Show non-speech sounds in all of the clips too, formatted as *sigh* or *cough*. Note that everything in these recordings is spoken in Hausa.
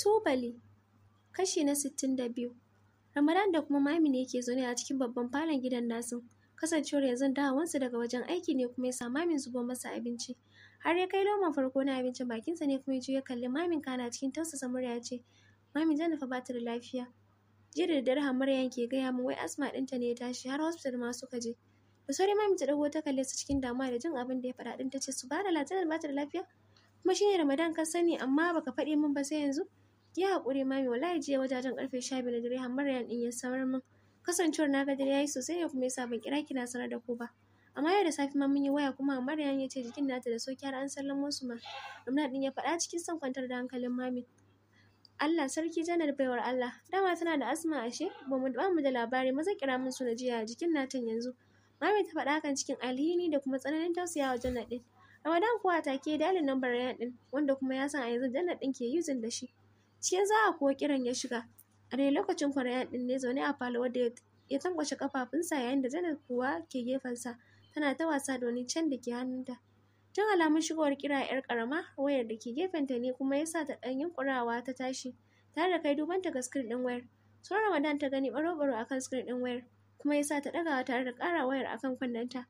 tubali kashi na sittin da biyu Ramadan da kuma Mami ne yake zaune a cikin babban falon gidan nasu. Kasancewar yanzu dawowansa daga wajen aiki ne kuma ya sa Mamin zubo masa abinci. Har ya kai loman farko na abincin bakinsa ne kuma ya ya kalli Mamin kana cikin tausasa murya ce, Mami zan ba bata da lafiya. Jiya da daddare Hamaryan ke gaya min wai asma ɗinta ne ya tashi har hospital ma suka je. Da sauri Mami ta ɗago ta kalle su cikin damuwa da jin abin da ya faɗa ɗin ta ce su ba da ba ta da lafiya. Kuma shi ne Ramadan ka sani amma baka faɗi min ba sai yanzu. Ki haƙuri mami wallahi jiya wajajen karfe sha biyu na dare yan ɗin ya saurar min. Kasancewar na ga dare yi sosai ne kuma yasa ban kira ki na sanar da ku ba. Amma yau da safe ma mun yi waya kuma yan ya ce jikin nata da soki har an sallamo su ma. Rumna din ya faɗa cikin son kwantar da hankalin mami. Allah sarki janar baiwar Allah dama tana da asma ashe ba mu ba mu da labari maza kira min su na jiya jikin natan yanzu mami ta faɗa kan cikin alhini da kuma tsananin tausayawa janar ɗin Ramadan kuwa take dalin lambar yan ɗin wanda kuma ya san a yanzu janar ɗin ke yuzin da shi cikin za a kuwa kiran ya shiga a dai lokacin kwarayan din ne zaune a falo wadda ya tankwashe kafafunsa yayin da zainab kuwa ke gefensa tana ta wasa da wani can da ke hannunta tun alamun shigowar kira yar karama wayar da ke gefenta ne kuma ya sa ta dan yunkurawa ta tashi tare da kai duban ta ga screen din wayar sun ramadan ta gani baro baro akan screen din wayar kuma ya sa ta dagawa tare da kara wayar akan kunnenta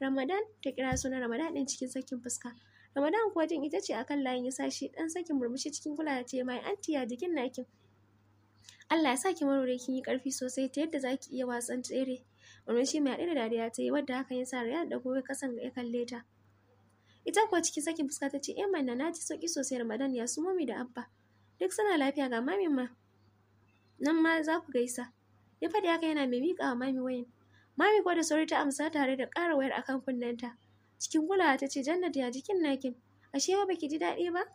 ramadan ta kira sunan ramadan din cikin sakin fuska Ramadan kuwa jin ita ce akan layin ya shi dan sakin murmushi cikin kula da ce mai anti ya jikin naki. Allah ya saki marore kin yi karfi sosai ta yadda zaki iya wasan tsere. Murmushi mai haɗe da dariya ta yi wadda haka ya sa Rayyan da gobe kasan ya kalle ta. Ita kuwa cikin sakin fuska ta ce eh mai na ji sauki sosai Ramadan ya su mami da abba. Duk suna lafiya ga mamin ma. Nan ma za ku gaisa. Ya faɗi haka yana mai miƙa wa mami wayan. Mami kuwa da sauri ta amsa tare da ƙara wayar akan kunnenta. cikin kulawa ta ce jannat ya jikin nakin ashe ba baki ji daɗi ba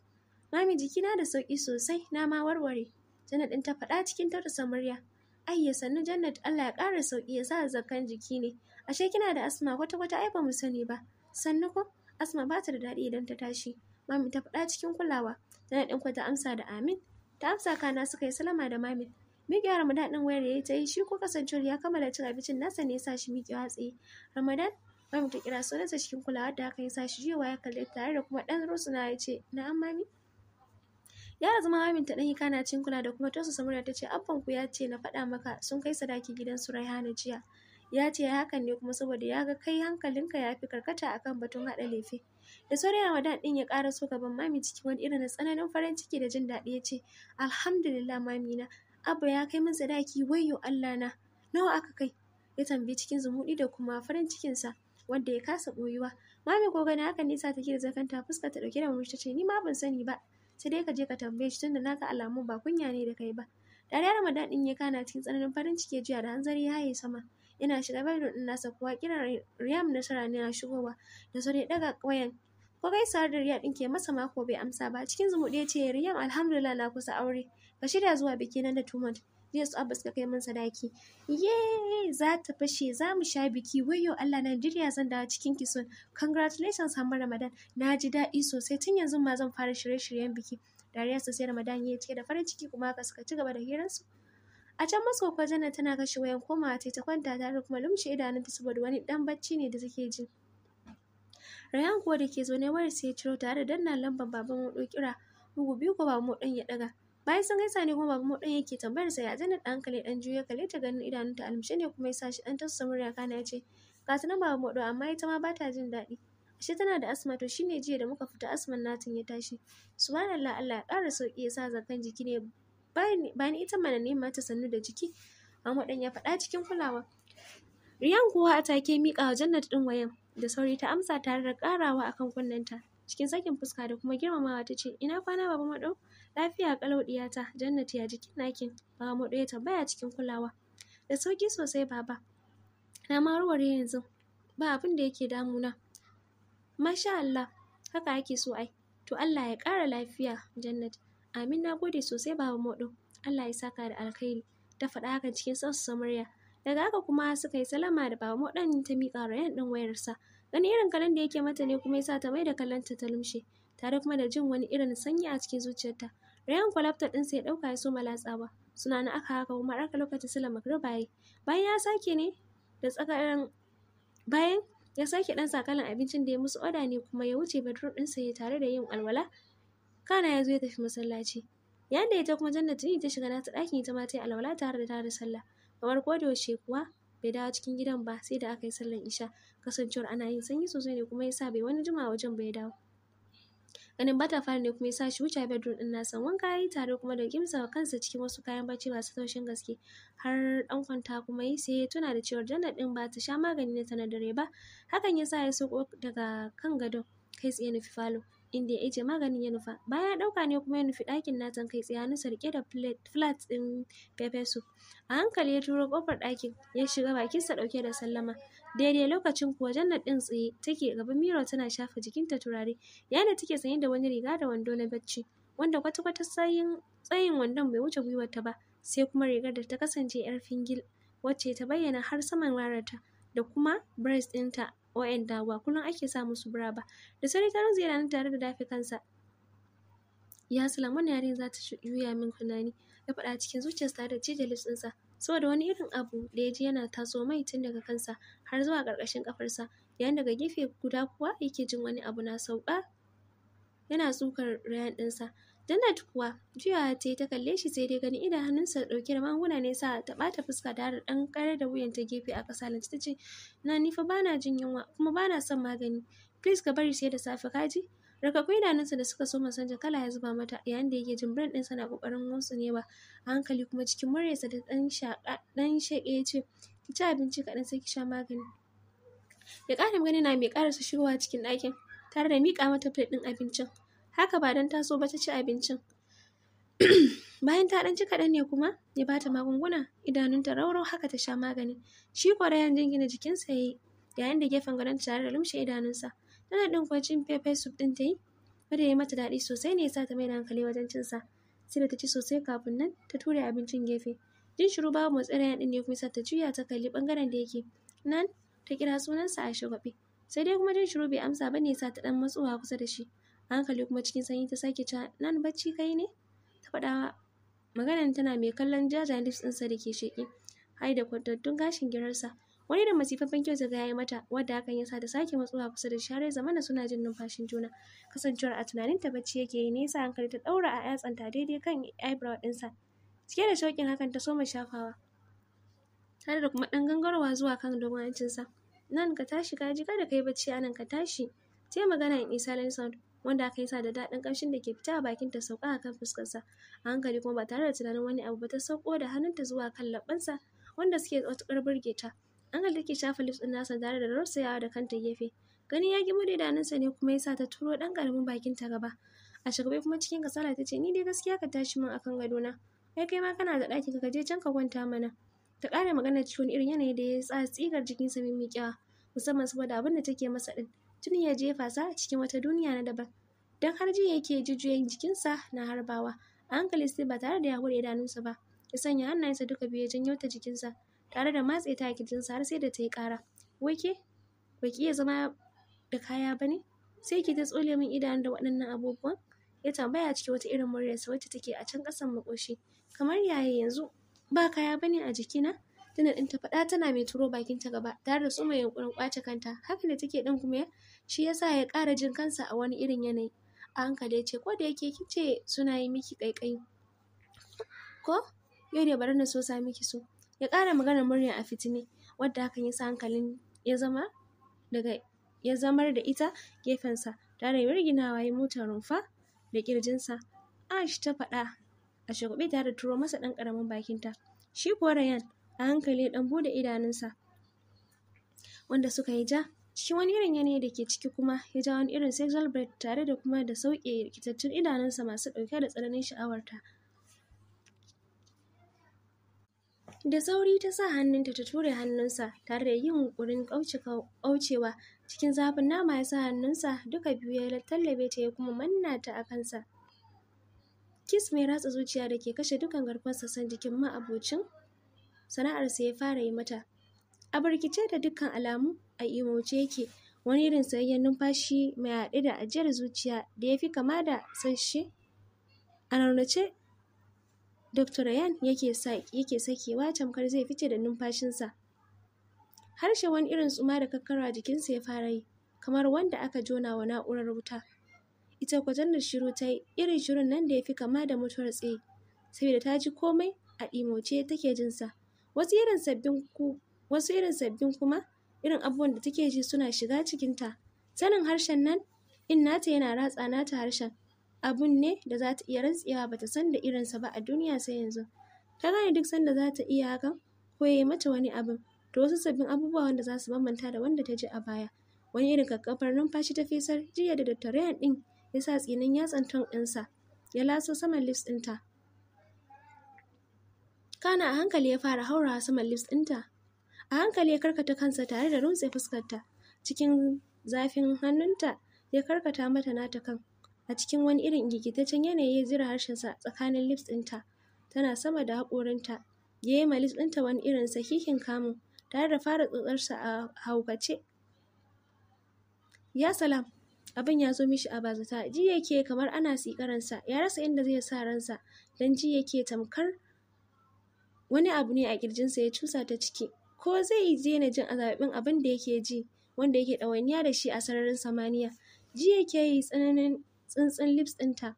mami na da sauƙi sosai na ma warware jannat ɗin ta faɗa cikin taurasa murya ai ya sannu jannat allah ya ƙara sauƙi ya sa zakan jiki ne ashe kina da asma kwata kwata ai ba mu sani ba sannu ko asma ba ta da daɗi idan ta tashi mami ta faɗa cikin kulawa jannat ɗin ta amsa da amin ta amsa kana suka yi salama da mami miƙewar Ramadan ɗin wayar ya yi ta yi shi ko kasancewar ya kammala cin abincin nasa ne ya sa shi miƙewa tsaye ramadan mutum ta kira da cikin kulawa da aka yi sa shi jiwa ya kalli tare da kuma ɗan rusuna ya ce, na mami? ya zama mamin ta ɗanyi kana cin kula da kuma tosa samura ta ce abban ku ya ce na faɗa maka sun kai sadaki gidan su Raihana jiya. Ya ce ya hakan ne kuma saboda ya ga kai hankalinka ya fi karkata akan batun haɗa lefe. Da sauran Ramadan ɗin ya ƙara so gaban mami ciki wani irin tsananin farin ciki da jin daɗi ya ce alhamdulillah mami na abba ya kai min sadaki wayyo Allah na nawa aka kai ya tambayi cikin zumuɗi da kuma farin cikinsa. sa. wanda ya kasa boyuwa mami ko gani haka nisa take da zakanta fuska ta dauke da murmushi tace ni ma ban sani ba sai dai ka je ka tambaye shi tunda naka alamun ba kunya ne da kai ba dariya ramadan din ya kana cikin tsananin farin ciki jiya da hanzari ya haye sama Ina shiga bai din nasa kowa, kiran riyam nasara ne na shigowa da sore daga wayan ko gaisawar da riyam din ke masa mako bai amsa ba cikin zumuɗi ya ce riyam alhamdulillah na kusa aure ka shirya zuwa biki nan da tumut jiya su abba suka kai min sadaki ye za ta fashe za mu sha biki wayo Allah Najeriya zan dawo cikin ki son congratulations Hamma Ramadan na ji daɗi sosai tun yanzu ma zan fara shirye-shiryen biki dariya sosai Ramadan ya ce da farin ciki kuma haka suka ci gaba da su a can maso kwakwa jana tana kashe wayan komawa ta ta kwanta tare kuma lumshe idanunta saboda wani dan bacci ne da take ji Rayan kuwa da ke zo zaune wayar sai ya ciro tare da danna lambar baban mu kira bugu biyu ko babban mu ɗan ya ɗaga bayan sun gaisa ne kuma babu ɗan yake tambayar sa ya zana da hankali dan juya kale ta ganin idanun ta almishe ne kuma ya sa shi dan tassa murya kana ya ce ga ta nan babu amma ita ma ba ta jin daɗi ashe tana da asma to shine jiya da muka fita asman natin ya tashi subhanallah Allah ya ƙara sauki ya sa zakan jiki ne bayan ita mana ne ta sannu da jiki amma ɗan ya faɗa cikin kulawa Riyan kuwa a take miƙa wa Jannat ɗin wayan da sauri ta amsa tare da ƙarawa akan kunnenta cikin sakin fuska da kuma girmamawa ta ce ina kwana baba maɗau Lafiya ƙalau ɗiyata, jannati, ya jikin nakin? Baba mu ya tambaya cikin kulawa. Da sauki sosai baba. Na ma warware yanzu. Ba abin da yake damuna. Masha Allah, haka ake so ai. To Allah ya ƙara lafiya, Jannat. Amin na gode sosai baba Mado. Allah ya saka da alkhairi. Ta faɗa haka cikin sausa murya. Daga haka kuma suka yi salama da baba Mado ta miƙa rayan ɗin wayarsa. Gani irin kalan da yake mata ne kuma ya sa ta mai da kallonta ta lumshe. tare kuma da jin wani irin sanyi a cikin zuciyarta rayan kwalafta ɗinsa ya ɗauka ya soma latsawa suna na aka haka kuma aka lokaci sila magriba bayan ya sake ne da tsakarin bayan ya sake ɗan sakalan abincin da ya musu oda ne kuma ya wuce bedroom ɗinsa ya tare da yin alwala kana ya zo ya tafi masallaci yanda da ita kuma jannat ne ta shiga nata ɗakin ita ma ta yi alwala tare da tare sallah kamar ko da yaushe kuwa bai dawo cikin gidan ba sai da aka yi sallan isha kasancewar ana yin sanyi sosai ne kuma ya sa bai wani jima wajen bai dawo ganin bata fara ne kuma ya sa shi wuce bedroom din nasa wanka yi tare kuma da gimsa kansa cikin wasu kayan bacci masu taushin gaske har dan kwanta kuma yi sai ya tuna da cewa janar din ba ta sha magani ne ta na dare ba hakan ya sa ya soko daga kan gado kai tsaye nufi falo inda ya ajiye maganin ya nufa baya ya dauka ne kuma ya nufi dakin natan kai tsaye na sarki da flat din pepe soup a hankali ya turo kofar ɗakin ya shiga bakinsa ɗauke da sallama daidai lokacin kuwa jannat ɗin tsaye take gaban miyar tana shafa jikinta turare yayin da take sanye da wani riga da wando na bacci wanda kwata-kwata tsayin wandon bai wuce gwiwarta ba sai kuma rigar da ta kasance yar fingil wacce ta bayyana har saman rarata da kuma dinta ɗinta da ba kullum ake sa musu bra ba da sauri ta ranzu yana tare da dafi kansa ya salamu yarin za ta juya min kunani ya faɗa cikin zuciyarsa da cije lipsinsa saboda wani irin abu da ya ji yana taso mai tun daga kansa har zuwa ƙarƙashin ƙafarsa yayin daga gefe guda kuwa yake jin wani abu na sauka yana tsukar rayan ɗinsa Janet kuwa juyawa ta yi ta kalle shi sai dai gani idan hannunsa ɗauke da magunguna ne sa ta ɓata fuska da har ɗan ƙarar da wuyan ta gefe a ƙasa lantarki ta ce na ni bana jin yunwa kuma bana son magani please ka bari sai da safe ka ji. Rakakwai idanunsa da suka so masanja kala ya zuba mata yayin da yake jin brand ɗinsa na ƙoƙarin ne a hankali kuma cikin muryarsa da ɗan shaƙe ya ce, ki ci abinci kaɗan sai ki sha magani. Ya ƙara gani na mai ƙarasa shigowa cikin ɗakin tare da miƙa mata plate ɗin abincin. Haka ba don taso ba ta ci abincin. *clears throat* Bayan ta ɗan ci kaɗan ne kuma ya bata magunguna idanunta raurau haka ta sha maganin. Shi kwarayen jingina jikinsa ya yi yayin da gefen gadon tare da lumshe idanunsa. tana ɗin kuwa cin pepper soup ɗin ta yi wanda ya mata daɗi sosai ne ya sa ta mai da hankali wajen sa sai da ta ci sosai kafin nan ta ture abincin gefe jin shiru babu motsi rayan ɗin ne kuma sa ta juya ta kalli ɓangaren da yake nan ta kira sunansa a shagwaɓe sai dai kuma jin shiru bai amsa ba ne sa ta ɗan matsuwa kusa da shi hankali kuma cikin sanyi ta sake cewa nan bacci kai ne ta faɗa maganan tana mai kallon jajayen lips ɗinsa da ke sheƙi hai da kwantattun gashin girarsa wani da masifafin kyau zaga yayi mata wadda hakan yasa da sake matsuwa kusa da share zamana suna jin numfashin juna kasancewar a tunanin ta bacci yake yi nesa hankali ta daura a yatsanta daidai kan eyebrow ɗinsa cike da shauƙin hakan ta soma shafawa tare da kuma ɗan gangarwa zuwa kan dogon hancinsa nan ka tashi ka ji kada kai bacci anan ka tashi sai magana in isa sound wanda aka yi sa da daɗin ƙamshin da ke fita a bakin ta sauka a kan fuskarsa a hankali kuma ba tare da tunanin wani abu ba ta sauko da hannunta zuwa kan labbansa wanda suke matuƙar burge ta Angal da ke shafa lips ɗin nasa tare da rausayawa da kanta gefe. Gani ya gimo da idanunsa ne kuma ya sa ta turo ɗan ƙaramin bakin ta gaba. A shagabe kuma cikin kasala ta ce ni dai gaskiya ka tashi min akan gadona. Kai kai ma kana da ɗaki ka je can ka kwanta mana. Ta ƙara magana cikin irin yanayi da ya sa tsigar jikinsa mimmiƙewa musamman saboda abin da take masa ɗin. Tun ya jefa sa cikin wata duniya na daban. dan har ji yake jijiyoyin jikinsa na harbawa. A hankali sai ba tare da ya hure idanunsa ba. Ya sanya hannayensa duka biyu ya janyo ta jikinsa. tare da matse ta a kirjinsa har sai da ta yi kara Wai ba iya zama da kaya ba ne? Sai ki ta tsole min idanu da waɗannan abubuwan? Ya tambaya cikin wata irin muryarsa wacce take a can ƙasan makoshi. Kamar yaya yanzu ba kaya ba ne a jikina? Tana din ta faɗa tana mai turo bakin ta gaba tare da tsuma yunƙurin ƙwace kanta. Haka da take ɗin kuma shi yasa ya ƙara jin kansa a wani irin yanayi. A hankali ya ce ko da yake kice suna yi miki ƙaiƙayi. Ko? Yau da bari na so sa miki so. ya ƙara maganar murya a fitini. wadda hakan ya sa hankalin ya zama daga ya zamar da ita gefensa tare da riginawa ya motar rumfa da kirjinsa ash ta faɗa a shagwabe tare da turo masa ɗan ƙaramin bakinta shi kuwa rayan a hankali ya ɗan bude idanunsa wanda suka yi ja cikin wani irin yanayi da ke ciki kuma ya ja wani irin sexual bread tare da kuma da sauƙe rikitattun idanunsa masu ɗauke da tsananin sha'awarta. Da sauri ta sa hannunta ta ture hannunsa tare da yin wurin ƙaucewa cikin zafin nama ya sa hannunsa duka biyu ya tallabe ta ya kuma manna ta a kansa. Kis mai ratsa zuciya da ke kashe dukan garkuwar sassan jikin ma'abocin sana'arsa ya fara yi mata. A barkice da dukkan alamu a imauce yake wani irin sayayyen numfashi mai haɗe da ajiyar zuciya da ya fi kama da sashe. A raunace Dr. Ryan yake sakewa tamkar zai fice da numfashinsa. Harshe wani irin tsuma da kakkarwa jikinsa ya fara yi, kamar wanda aka jona wa na'urar wuta. Ita da shiru ta yi irin shirun nan da ya fi kama da mutuwar tsaye, saboda ta ji komai a ɗimoce take jinsa. Wasu irin sabbin wasu irin sabbin kuma irin abubuwan da take ji suna shiga cikinta. Sanin harshen nan in nata yana ratsa nata harshen abun ne da za ta iya rantsewa ba ta san da irinsa ba a duniya sai yanzu. Ta gane duk sanda za ta iya hakan ko ya yi mata wani abin, to wasu sabbin abubuwa wanda za su bambanta da wanda ta ji a baya. Wani irin kakkafar numfashi ta fesar jiya da Dr. Ryan ɗin ya sa tsinin yatsan ton ɗinsa, ya laso saman lips ɗinta. Kana a hankali ya fara haurawa saman lips ɗinta. A hankali ya karkata kansa tare da runtse fuskarta. Cikin zafin hannunta ya karkata mata nata kan. A cikin wani irin gigitaccen yanayi ya zira harshensa tsakanin lips ɗinta, tana sama da haƙorinta. Ya yi ma lips ɗinta wani irin sahihin kamun, tare da fara tsotsarsa a haukace. Ya salam, abin ya zo mishi a bazata, ji yake kamar ana sikaransa, ya rasa inda zai sa ransa, Dan ji yake tamkar wani abu ne a kirjinsa ya cusa ta ciki. Ko zai yi daina jin azabin abin da yake ji, wanda yake ɗawainiya da shi a sararin samaniya. Ji yake yi tsananin Tsintsin lips ɗinta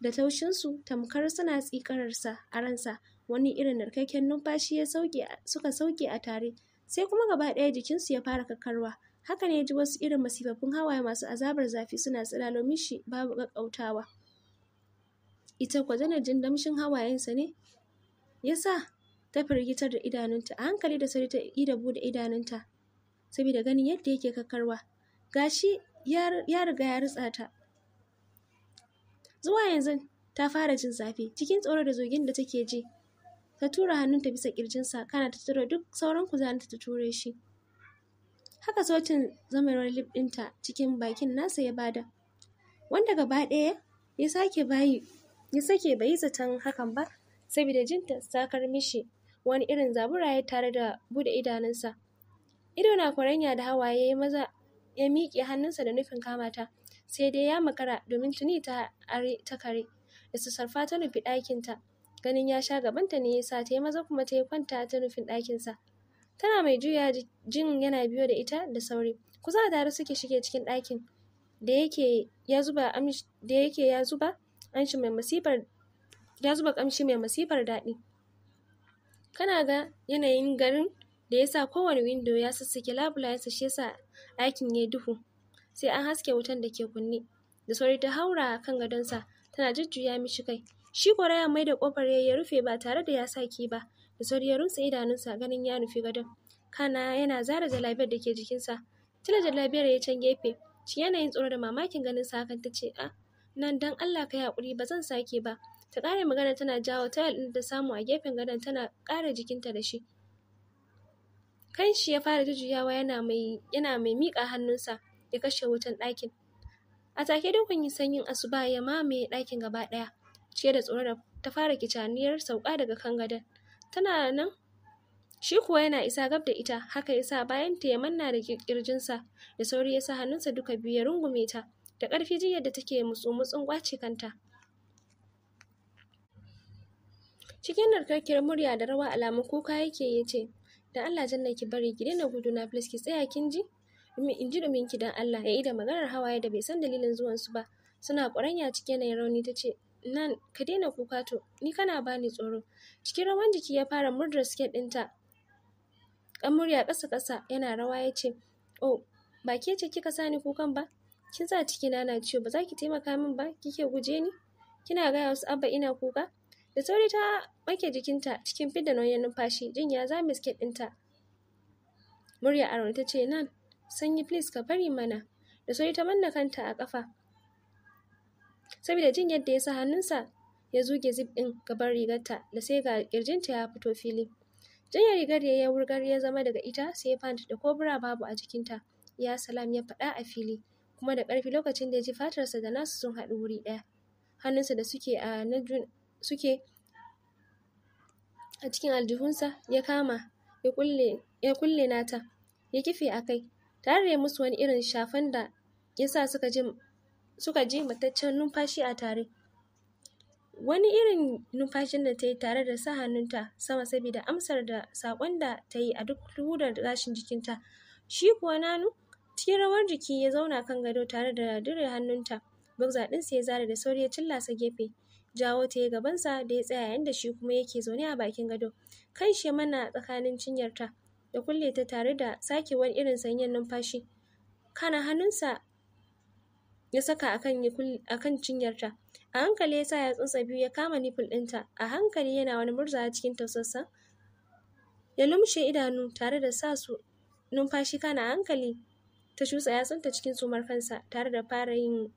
da taushinsu tamkar suna tsikararsa a ransa, wani irin narkakken numfashi ya sauke suka sauke a tare, sai kuma gaba ɗaya jikinsu ya fara kakkarwa. Haka ne ya ji wasu irin masifafin hawaye masu azabar zafi suna tsalalo mishi babu ƙaƙƙautawa. Ita kwa tana jin damshin hawayensa ne, ya sa ta firgitar da idanunta a hankali da sauri ta da bude idanunta, saboda ganin yadda yake kakkarwa. gashi ya riga ya ritsa ta, Zuwa yanzu ta fara jin zafi cikin tsoro da zogin da take ji. Ta tura hannunta bisa kirjinsa kana ta tura duk sauran kuzarinta ta ture shi. Haka sautin zamarwar lip ɗinta cikin bakin nasa ya bada. Wanda gaba ɗaya ya sake bayi ya sake bai zaton hakan ba saboda jinta sakar mishi wani irin zaburaye tare da bude idanunsa. Ido na kwaranya da hawaye maza ya miƙe hannunsa da nufin kamata. sai dai ya makara domin tuni ta are ta kare da sassarfa ta nufi ɗakinta ganin ya sha gabanta ne yasa ta yi maza kuma ta yi kwanta ta nufin ɗakinsa tana mai juya jin yana biyo da ita da sauri kusa da tare suke shige cikin ɗakin da yake ya zuba da yake ya zuba amshi mai masifar ya zuba kamshi mai masifar daɗi kana ga yanayin garin da yasa kowane windo ya sassake ya shi yasa ɗakin ya duhu sai an haske wutan da ke kunne da sauri ta haura kan gadonsa tana jujjuya mishi kai shi ya mai da kofar ya rufe ba tare da ya sa saki ba da sauri ya rumtsa idanunsa ganin ya nufi gadon kana yana zara jalabiyar da ke jikinsa tana jalabiyar ya can gefe shi yanayin tsoro da mamakin ganin sa hakan ta ce a nan dan Allah ka haƙuri ba zan sake ba ta ƙara magana tana jawo tayal ɗin da samu a gefen gadon tana ƙara jikinta da shi kan shi ya fara jujjuyawa yana mai yana mai miƙa hannunsa ya kashe wutan ɗakin. A take yi sanyin asuba ya mamaye ɗakin gaba ɗaya, ce da tsoron ta fara kicaniyar sauka daga kan gadon. Tana nan shi kuwa yana isa gab da ita haka ya sa bayan ta ya manna da kirjinsa da sauri ya sa hannunsa duka biyu ya rungume ta da ƙarfi jiya da take mutsu mutsun ƙwace kanta. Cikin narkarkiyar murya da rawa alamun kuka yake ya ce, Da Allah janna ki bari ki daina gudu na please ki tsaya kin ji? in ji dumin ki Allah ya yi da maganar hawaye da bai san dalilin zuwan su ba suna ƙwaranya cikin yanayin rauni ta ce nan ka daina kuka to ni kana bani tsoro cikin rawan jiki ya fara murdar sket ɗinta kan murya ƙasa ƙasa yana rawa ya ce oh ba ke ce kika sani kukan ba kin sa ciki na na ciwo ba za ki taimaka min ba kike guje ni kina gaya wasu abba ina kuka da sauri ta make jikinta cikin fidda nauyin numfashi jin ya zame siket ɗinta murya aron ta ce nan sanyi please ka bari mana da sauri ta manna kanta a kafa saboda jin yadda ya sa hannunsa ya zuge zip ɗin gaban rigarta da sai ga kirjinta ya fito fili janya rigar ya yi wurgar ya zama daga ita sai pant da kobura babu a jikinta ya salam ya faɗa a fili kuma da ƙarfi lokacin da ya ji fatarsa da nasu sun haɗu wuri ɗaya hannunsa da suke a na suke a cikin aljihunsa ya kama ya kulle nata ya kife a kai tare musu wani irin shafan da ya sa suka ji suka mataccen numfashi a tare wani irin numfashin da ta yi tare da sa hannunta sama saboda amsar da saƙon da ta yi a duk hudar gashin jikinta shi kuwa nanu cikin rawar jiki ya zauna kan gado tare da dire hannunta boxer ɗinsa ya zare da sauri ya cillasa gefe jawo ta ya gabansa da ya tsaya yanda shi kuma yake zaune a bakin gado kan shi mana tsakanin cinyarta da kulle ta tare da sake wani irin sanyin numfashi kana hannunsa ya saka akan akan cinyarta a hankali ya sa yatsun biyu ya kama nipple ɗinta a hankali yana wani murza cikin tausasa. ya lumshe idanu tare da sa su numfashi kana hankali ta cusa yatsunta cikin sumar kansa tare da fara yin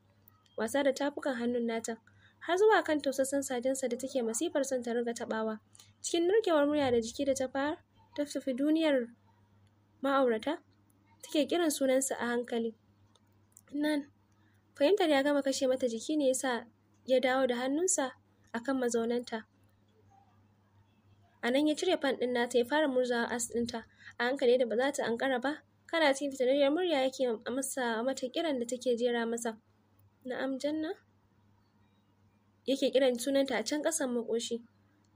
wasa da tafukan hannun nata har zuwa kan tausasan sajensa da take masifar son ta riga tabawa cikin narkewar murya da jiki da ta fara ta tafi duniyar ma'aurata take kiran sunansa a hankali nan fahimtar ya gama kashe mata jiki ne yasa ya dawo da hannunsa akan mazaunanta a nan ya cire fan ɗin nata ya fara murzawa as ɗinta a hankali da ba za ta ankara ba kana cikin fitararriyar murya yake masa mata kiran da take jera masa na'am janna yake kiran sunanta a can ƙasan makoshi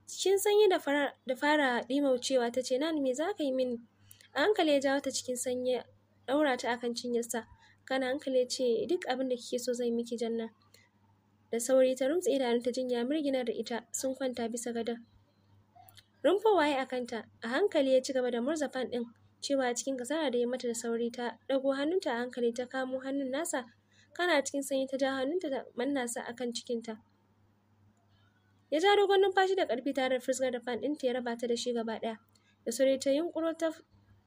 cikin sanyi da fara da fara cewa ta ce nan me za ka yi mini a hankali ya jawo ta cikin sanyi ya ɗaura ta akan cinyarsa kana hankali ya ce duk abin da kike so zai miki janna da sauri ta idanun ta jinya mirginar da ita sun kwanta bisa gadon Rumfa waye a kanta a hankali ya ci gaba da murza fan ɗin cewa cikin kasara da ya mata da sauri ta ɗago hannunta a hankali ta kamo hannun nasa kana cikin sanyi ta ja hannunta da mannasa akan cikinta ya ja dogon numfashi da karfi tare da fuskar da fan ɗinta ya raba ta da shi gaba ɗaya da sauri ta yunƙuro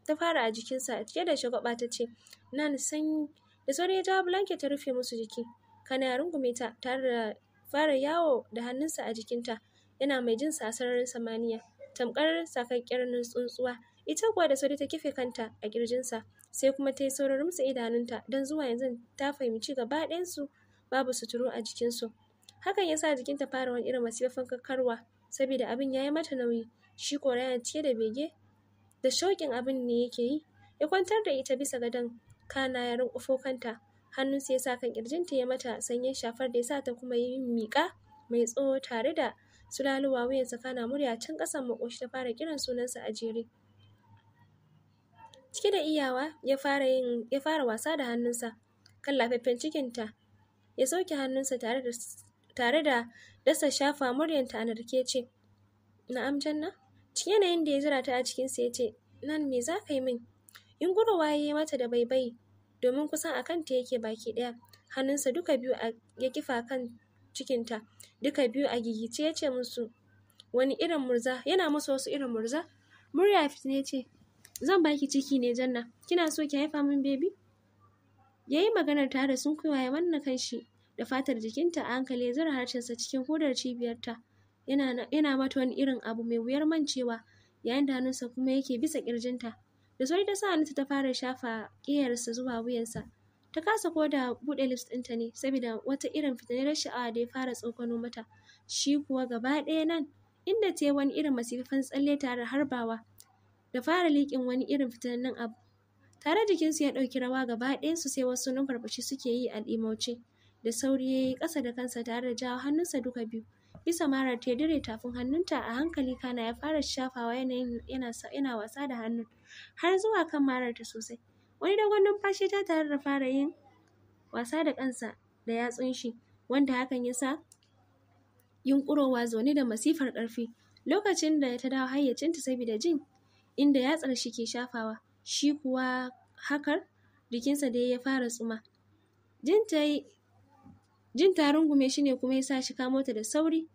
ta fara a jikinsa cike da shagwaba ta ce nan sanyi da sauri ya jawo blanket ta rufe musu jiki kana ya rungume ta tare da fara yawo da hannunsa a jikinta yana mai jin a sararin samaniya tamkar sakakkiyar tsuntsuwa ita kuwa da sauri ta kife kanta a kirjinsa sai kuma ta yi saurin rumsa idanunta don zuwa yanzu ta fahimci gaba ɗayansu babu suturu a jikinsu hakan ya sa jikinta fara wani irin masifafan karkarwa saboda abin ya yi mata nauyi shi ko Ryan ce da bege da shauƙin abin ne yake yi ya kwantar da ita bisa gadon kana ya rinkufo kanta hannunsa ya sa kan kirjinta ya mata sanye shafar da ya sa ta kuma yi miƙa mai tsoho tare da sulaluwa wuyansa kana murya can ƙasan makoshi ta fara kiran sunansa a jere cike da iyawa ya fara yin ya fara wasa da hannunsa kan lafaffen cikinta ya sauke hannunsa tare da tare da dasa shafa muryanta a narke ce na'am janna cikin yanayin da ya zira ta a cikinsa ya ce nan me za ka yi min in ya yi mata da baibai domin kusan a kanta yake baki ɗaya hannunsa duka biyu ya kifa kan cikinta duka biyu a gigice ya ce musu wani irin murza yana musu wasu irin murza murya fitine ce zan baki ciki ne janna kina so ki haifa min bebi yayi maganar tare sun kuwaye ya manna kanshi da fatar jikinta a hankali ya zura harshensa cikin hudar cibiyarta yana, yana mata wani irin abu mai wuyar mancewa yayin da hannunsa kuma yake bisa kirjinta da sauri ta sa ta fara shafa kiyarsa zuwa wuyansa ta kasa ko da buɗe lips ɗinta ne saboda wata irin fitinar sha'awa da ya fara tsokano mata shi kuwa gaba ɗaya nan inda ta yi wani irin masifafan tsalle tare harbawa da fara liƙin wani irin fitinannen abu tare jikinsu ya ɗauki rawa gaba ɗayansu sai wasu numfarfashi suke yi a ɗimauce. da sauri ya yi ƙasa da kansa tare da jawo hannunsa duka biyu bisa mara ta dire tafin hannunta a hankali kana ya fara shafawa yanayin yana, wasa da hannun har zuwa kan marar ta sosai wani dogon numfashi ta tare da fara yin wasa da kansa da yatsun shi wanda hakan ya sa yunkurowa zaune da masifar ƙarfi lokacin da ta dawo hayyacinta saboda jin inda yatsar shi ke shafawa shi kuwa hakar jikinsa dai ya fara tsuma jin ta yi Jin tarin gume shi ne kuma ya sa shi kamo ta da sauri.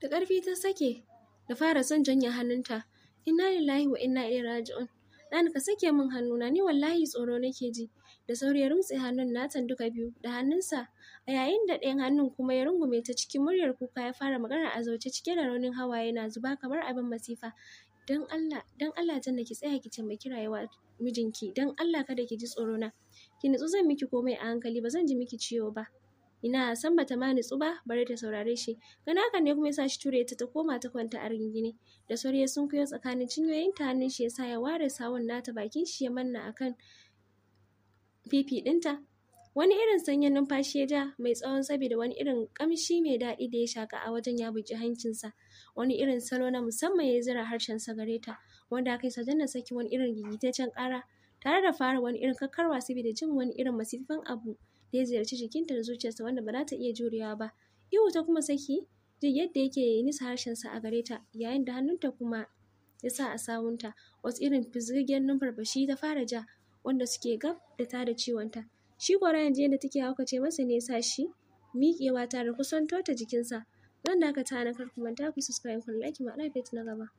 Da ƙarfi ta sake, da fara son janya hannunta. Inna lillahi wa inna ilaihi raji'un. Dan ka sake min hannuna ni wallahi tsoro nake ji. Da sauri ya rumtse hannun Natan duka biyu da hannunsa. A yayin da ɗayan hannun kuma ya rungume ta cikin muryar kuka ya fara magana a zauce cike da raunin hawaye na zuba kamar abin masifa. don Allah don Allah Janna ki tsaya ki taimaki rayuwa mijinki don Allah kada ki ji tsoro na ki nutsu zan miki komai a hankali ba zan ji miki ciwo ba ina san bata ma nutsu ba bare ta saurare shi gana haka ne kuma yasa shi ture ta ta koma ta kwanta a rigingine da sauri ya kuyo tsakanin cinyoyin ta hannun shi yasa ya ware sawun nata bakin shi ya manna akan fifi dinta Wani irin sanyin numfashi ya ja mai tsawon saboda wani irin kamshi mai daɗi da ya shaka a wajen ya bugi hancinsa. Wani irin salo na musamman ya zira harshen sagareta. wanda aka yi sa janna saki wani irin gigitaccen ƙara, tare da fara wani irin kakkarwa saboda jin wani irin masifan abu da ya ziyarci jikinta da zuciyarsa wanda ba za ta iya jurewa ba. Ihu ta kuma saki, jin yadda yake nisa harshensa a gareta, yayin da hannunta kuma ya sa a sawunta, wasu irin fizgaggen numfarfashi ta fara ja, wanda suke gab da tada ciwonta. Shi ko Ryan jiyar da take ce masa ne sa shi miƙewa tare kusanto ta jikinsa. Zan dakata na kar ku manta ku subscribe ku like mu na gaba.